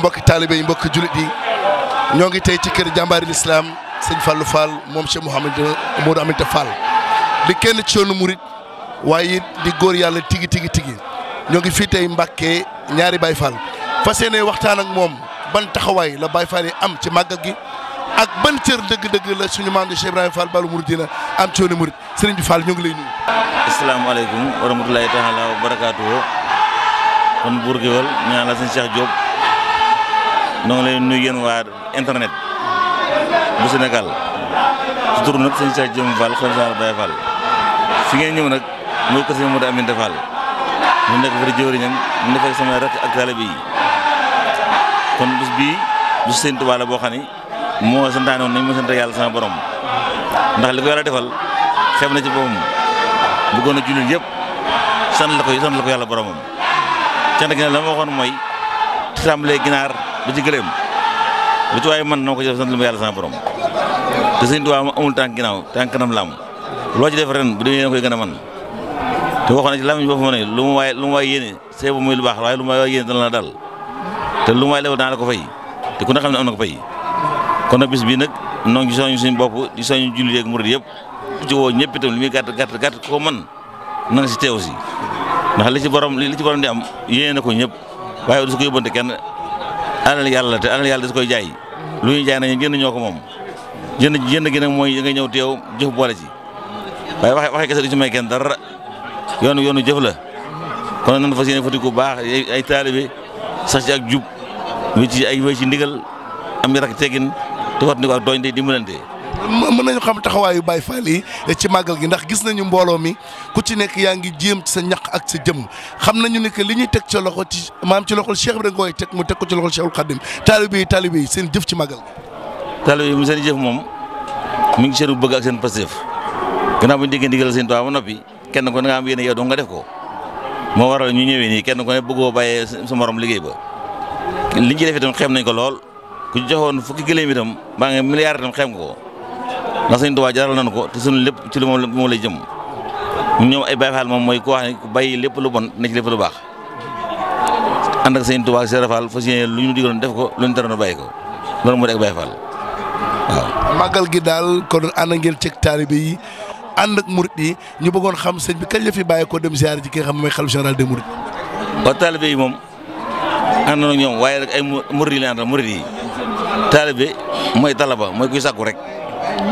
mbokki taalibe yi mbokki julit yi ñoo ngi tey ci kër jàmbaari lislaam sëñ Fallou Fall moom Cheikh moo Modou Aminta Fall di kenn ci yoonu murit waaye it di góor yàlla tigi tigi tigi ñoo ngi fii tey Mbàkke ñaari Baye Fall fas yéene waxtaan ak moom ban taxawaay la Baye Fall yi am ci màgg gi ak ban cër dëgg-dëgg la suñu maam di Cheikh Ibrahima Fall Balu Mouridina am ci yoonu murit sëriñ bi Fall ñoo ngi lay nuyu. asalaamaaleykum wa rahmatulahi taala wa barakaatuhu kon buur ñaan la sëñ ñoo ngi leen nuyu yéen waa internet bu senegal su tur nag sëñ sa Jëm Fall xëy na Baye Fall fi ngeen ñëw nag mooy ko sëñ Modou Aminta nekk fa jëwriñam ñu nekk ak taalibe yi kon bis bii bis sëñ Tuubaa la boo xam ni moo santaane woon nañ ma yàlla sama borom ndax li ko yàlla defal xeeb na ci boppam bëggoon na jullit la ko sant la yàlla boromam cant gi nag la ma mooy tàmbalee ginaar. du ci gëléem lu ci waaye man na ko ci def lu ma yàlla sama borom te sëñ Tuubaa ma amul tànk ginnaaw tànk kanam laam loo ci def ren bu demee yéen koy gën a man te waxoon na ci lamiñ boobu ma ne lu mu waaye lu mu waaye yéene seebu muy lu baax waaye lu mu waaye yéene dana la dal te lu mu waaye lewal dana la ko fay te ku ne xam ne am na ko fay kon nag bis bii nag noo ngi soñu suñu bopp di soñu jullit yeeg murid yëpp ci woo ñëpp itam li muy gàtt gàtt gàtt koo man na si teew alal yàlla te alal yàlla su koy jaay lu ñuy jaay nañu jënd ñoo ko moom jënd jënd gi nag mooy da ñëw teew jëf boole ci waaye waxe waxe kese du ci may kenn dara yoonu yoonu jëf la kon nan fas yéene fatiku baax ay taalibe sax ci ak jub wéy ci ndigal am yar ak teggin te wat ni ko ak dooñ day dimbalante mën nañu xam taxawaayu bay Fall yi ci màggal gi ndax gis nañu mbooloo mi ku ci nekk yaa ngi jéem ci sa ñax ak sa jëm xam nañu ni que li ñuy teg ca loxo ci maam ci loxo Cheikh bi da nga koy mu teg ko ci loxol Cheikhul Khadim taalibe yi taalibe yi seen jëf ci màggal gi. taalibe yi mu seen jëf moom mu ngi seen bëgg ak seen pastéef gannaaw bu ñu déggee ndigal seen tubaab ba noppi kenn ko da nga am yéene yow doo nga def ko moo waral ñu ñëwee nii kenn ko ne bëggoo bàyyee sa morom liggéey ba li ñu def itam nañ ko lool ku joxoon fukki gëléem itam mbaa nga milliard itam xem ko ndax sëñ Tuubaa jaral nañu ko te suñu lépp ci lu moom lay jëm ñoom ay Baay Faal moom mooy ko wax ne ku bàyyi lépp lu bon ne ci lépp lu baax ànd ak sëñ Tuubaa Sëriñ Faal fas yéene lu ñu digaloon def ko lu ñu taroon bàyyi ko loolu moo di ak Baay Faal waaw. gi daal kon ànd ngeen ci taalibe yi ànd ak murit yi ñu bëggoon xam sëñ bi kañ la fi bàyyi ko dem ziar ji ki nga xam mooy xalifa de des mourides. waaw taalibe yi moom ànd na ñoom waaye rek ay murit yi la àndal murit yi taalibe mooy talaba mooy kuy rek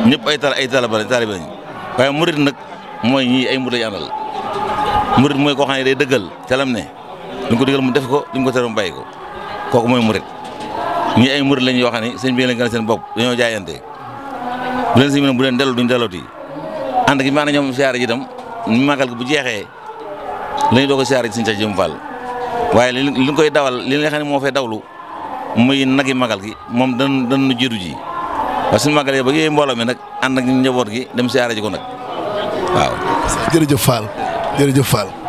ñëpp ay tal ay talaba taalibe lañ waaye murit nag mooy ñii ay murit lañ àndal murit mooy koo xam ne day dëggal ca ne lu ko digal mu def ko lu ko tere mu bàyyi ko kooku mooy murit ñii ay murit lañ yoo xam ne sëñ bi lañ seen bopp dañoo jaayante bu leen sëñ bi bu leen dellu duñ dellooti ànd gi maanaam ñoom siyaare ji itam ñu màggal ko bu jeexee lañu doo ko siyaare si sëñ ca jëm waaye li li koy dawal li nga xam ne moo fay dawlu muy nag yi màggal gi moom dañu dañu jiitu ji waaw suñu màggalee ba yooyu mbooloo mi nag ànd ak njaboot gi dem siyaare ji ko nag waaw. jërëjëf Fall jërëjëf Fall.